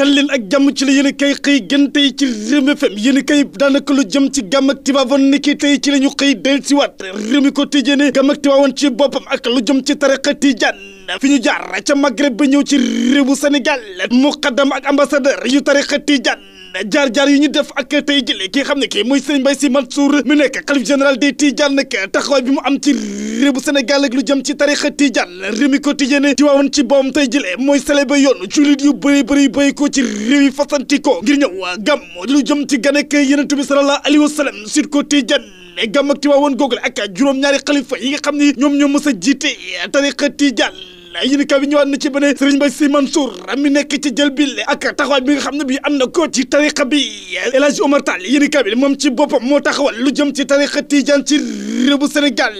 dal leen ak jàmm ci la yéen a kay xëy gën tey ci Rewmi FM yéen a kay daanaka lu jëm ci gàmm ak Tivaouane ni ki tey ci la ñu xëy del siwaat Rewmi ko tijjee ne gàmm ak Tivaouane ci boppam ak lu jëm ci tariqa Tijaan fi ñu jaar ca Maghreb ba ñëw ci réewu Sénégal muqaddam ak ambassadeur yu tariqa Tijaan jaar-jaar yi ñu def ak tey jële ki xam ne kii mooy Serigne Mbaye Sy Mansour mu nekk xalif général des Tidiane nag taxawaay bi mu am ci réewu Sénégal ak lu jëm ci tarixa Tidiane réew mi quotidien ci waawoon ci boom tey jële mooy célébré yoon jullit yu bëri bëri bëri ko ci réew yi fasanti ko ngir ñëw gàmm lu jëm ci ganek yenentu bi sallallahu alayhi wa sallam sur ko Tidiane gàmm ak Tiwaawoon google ak juróom-ñaari xalifa yi nga xam ni ñoom ñoo mës a jiite tariqa Tidiane yéen kaay bi ñëwaat na ci beneen Serigne Mbaye Sy Mansour mi nekk ci jël bi ak taxawaay bi nga xam ne bi am na ko ci tariqa bi El Hadj Omar Tall yéen kaay bi moom ci boppam moo taxawal lu jëm ci tariqa Tidiane ci réewu Sénégal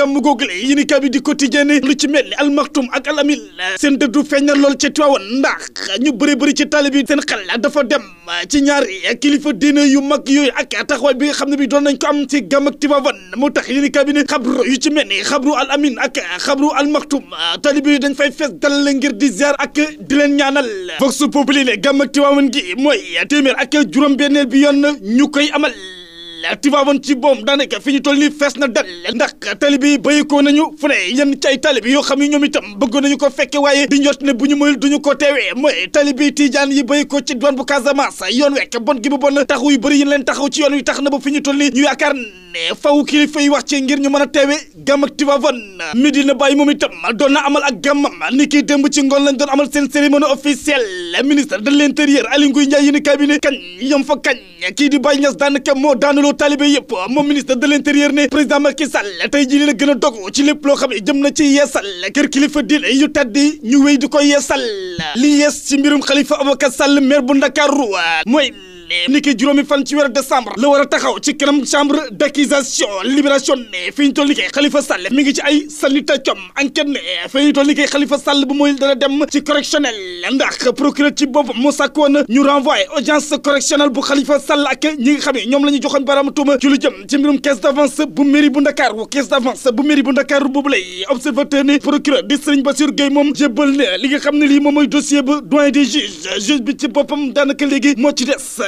gàmmu googu la yéen kaay bi di quotidien lu ci mel ni almaktum ak alamil seen dëddu feeñal lool ci Tiwaawan ndax ñu bëri bëri ci taalibe yi seen xel dafa dem ci ñaari kilifa diine yu mag yooyu ak taxawaay bi xam ne bi doon nañ ko am ci gàmm ak Tiwaawan moo tax yéen kaay bi ne xabru yu ci mel ni xabru al amin ak xabru almaktum taalibe talibi dañ fay fees dal ngir di ziar ak di leen ñaanal vox populi ne gàmm ak Tiwaawan gi mooy téeméer ak juróom-benneel bi yoon ñu koy amal Tivaouane ci boom daanaka fi ñu toll nii fees na del ndax tali bi bayikoo nañu fu ne yenn ci ay yoo xam ne ñoom itam bëggoon nañu ko fekke waaye di njot ne bu ñu moyul duñu ko teewee mooy tali bi tijaan yi bayikoo ci douane bu Casamance yoon wekk bon gi bon taxaw yu bëri yi leen taxaw ci yoon wi tax na ba fi ñu toll nii ñu yaakaar ne faw kilifa yi wax ci ngir ñu mën a teewee gàmm ak Tivaouane Medina Baye moom itam doon na amal ak gàmmam ni i cabinet kañ yom fa kanamu taalibé yëpp moom ministre de l'intérieur ne président Macky Sall tey jii li la gën a dogu ci lépp loo xam ne jëm na ci yeesal kër kilifa diine yu tàddi ñu wéy di ko yeesal li yees ci mbirum xalifa Khalifa Ababacar Sall maire bu Ndakaaru mooy ni ki juróomi fan ci weeru décembre la war a taxaw ci kanam chambre d'accusation libération fi ñu toll Khalifa Sall mi ngi ci ay salita com enquête ne fi ñu toll Khalifa Sall bu mooy dana dem ci correctionnel ndax procureur ci boppam mu sàkkoon ñu renvoyé audience correctionnelle bu Khalifa Sall ak ñi nga ñoom la ñu baram tuuma ci jëm ci mbirum caisse d'avance bu mairie bu Ndakaaru caisse d'avance bu mairie bu Ndakaaru lay observateur ni procureur moom jébbal ne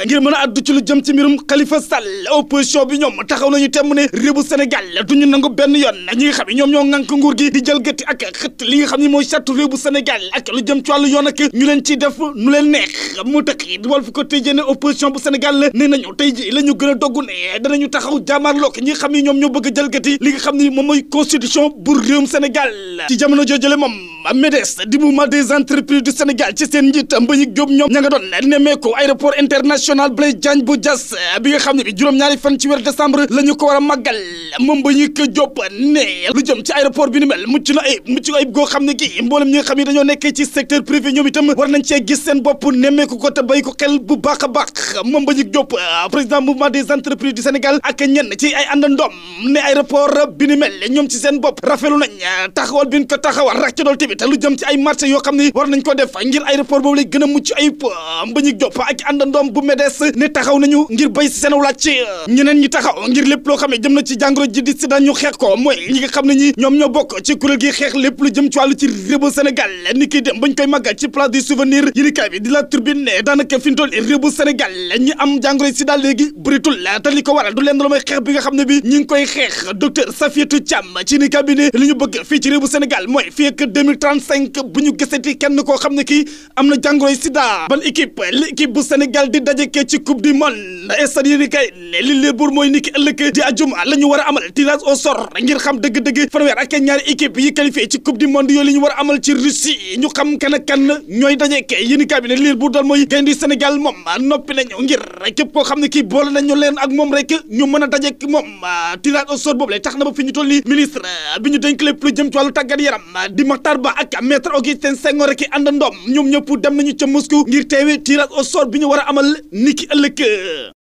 li ngir mën a addu ci lu jëm ci mbirum Khalifa Sall opposition bi ñoom taxaw nañu temm ne réewu Sénégal duñu nangu benn yoon ñi nga xam ne ñoom ñoo ŋànk nguur gi di jël ak xët li nga xam mooy charte réewu Sénégal ak leen ciy def nu leen neex mu tax it Walf Quotidien opposition bu Sénégal la ne a dogg ne ñi xam ne ñoom ñoo bëgg a jël gëtti li nga xam ne moom mooy constitution bu réewum Sénégal ci jamono joojale moom MEDES di mouvement des entreprises du Sénégal ci seen njiit Mbagnick Diop ñoom ña nga doon nemmeeku aéroport international Blaise Diagne bu Diass bi ne bi juróom-ñaari fan ci weer décembre la ko war a màggal moom Mbagnick Diop ne jëm ci aéroport bi ni mucc na ayib mucc ayib goo xam ne gi mboolem ñi xam ne dañoo nekkee ci secteur privé ñoom itam war nañ cee gis seen bopp nemmeeku ko te bay ko xel bu baax a baax moom Mbagnick Diop président mouvement des entreprises Sénégal ak ñenn ci ay àndandoom ne aéroport bi ni mel ñoom ci seen bopp rafetlu nañ taxawal bi ko taxawal rek ci dool tamit te lu jëm ci ay marché yoo xam ne war nañ ko def ngir aéroport boobu lay gën a mucc ayib Mbagnick Diop ak àndandoom bu MEDES ne taxaw nañu ngir béy si seen wàcc ñeneen ñi taxaw ngir lépp loo xam ne jëm na ci jàngoro ji di sida ñu xeex ko nga xam ne ñi ñoom ñoo bokk ci kuréel gi xeex lépp lu jëm ci wàllu ci réewu Sénégal ni kiy dem bañ koy màggal ci place du souvenir yéni bi di la turbine ne daanaka fi ñu toll réewu Sénégal ñi am jàngoro sida léegi bëritul te li ko waral du leen lu may xeex nga xam ne bi ñi ngi koy xeex ñu fii ci réewu Sénégal mooy fii ak 35 bu ñu gisati kenn koo xam ne kii am na jàngoroy sida ban équipe l'équipe bu Sénégal di dajekee ci coupe du monde stade yéeni kay li léebour mooy ni ki ëllëg di ajuma la war a amal tirage au ngir xam dëgg-dëgg fanweer ak ñaari équipe yi qualifié ci coupe du monde yooyu li ñu war a amal ci Russie ñu xam kan ak kan ñooy dajekee yéeni kay bi ne léebour daal mooy gaynde Sénégal moom noppi nañu ngir képp koo xam ne kii boole a na ñu toll ak maître Augustin Senghor ki ànd ndoom ñoom ñëpp dem nañu ca Moscou ngir teewe tirage au sort bi ñu war a amal niki ëllëg